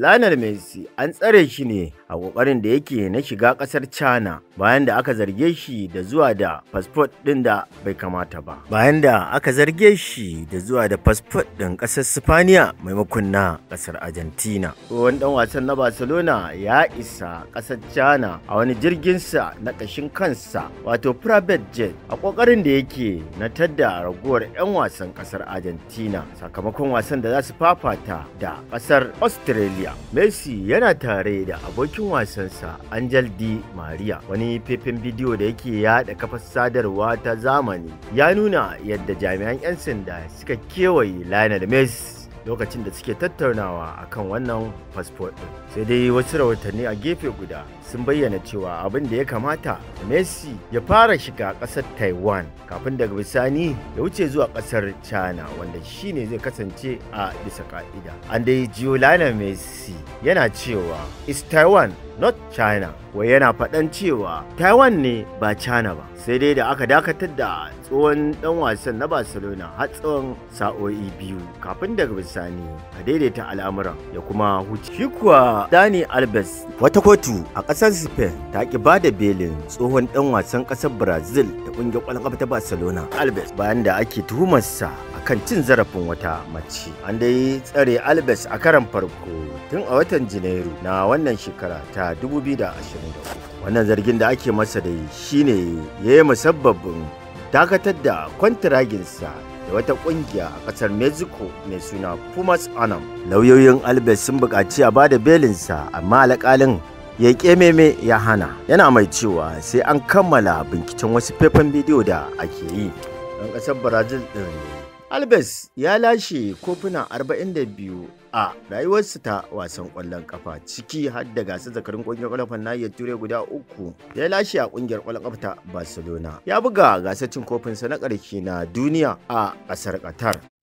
Lionel Messi an tsare shi ne a kokarin da yake na shiga kasar China bayan da aka zarge shi da zuwa da passport ɗin da bai kamata ba. Bayan da aka zarge shi da zuwa da passport ɗin ƙasar Sifaniya maimakon na ƙasar Argentina. Tsohon ɗan wasan na Barcelona ya isa ƙasar China a wani jirgin sa na ƙashin kansa wato private jet a kokarin da yake na tadda raguwar 'yan wasan ƙasar Argentina sakamakon wasan da za su fafata da ƙasar Australia. Maria. Messi yana tare da abokin wasansa Angel Di Maria wani faifin bidiyo da yake yada kafar sadarwa ta zamani ya nuna yadda jami'an 'yan sanda suka kewaye Lionel Messi lokacin da suke tattaunawa akan wannan fasfo ɗin sai dai wasu rahotanni a gefe guda sun bayyana cewa abin da ya kamata messi ya fara shiga ƙasar taiwan kafin daga bisani ya wuce zuwa ƙasar china wanda shine zai kasance a bisa ka'ida an dai jiyo messi yana cewa is taiwan not china wai yana faɗan cewa taiwan ne ba china ba sai dai da aka dakatar da tsohon dan wasan na barcelona har tsawon sa'o'i biyu kafin daga Sani a daidaita al'amuran ya kuma huce. Shi kuwa Dani Alves wata kotu a ƙasar Spain ta ki ba da belin tsohon ɗan wasan ƙasar Brazil da ƙungiyar ƙwallon ƙafa ta Barcelona. Alves bayan da ake tuhumarsa a kan cin zarafin wata mace. An dai tsare Alves a karan farko tun a watan Janairu na wannan shekara ta 2023. wannan zargin da ake masa da dai shine ya yi musabbabin dakatar da kwantiraginsa da wata kungiya a kasar mexico mai suna pumas anam lauyoyin albert sun buƙaci a bada belinsa amma alƙalin ya kememe ya hana yana mai cewa sai an kammala binciken wasu faifan bidiyo da ake yi ɗan ƙasar brazil ɗin albert ya lashe kofuna 42 a rayuwarsu ta wasan kwallon kafa ciki har da gasar zakarin kungiyar kwallon nahiyar turai guda uku ya lashe a kungiyar kwallon kafa ta barcelona ya buga gasar cin kofin sa na karshe na duniya a kasar qatar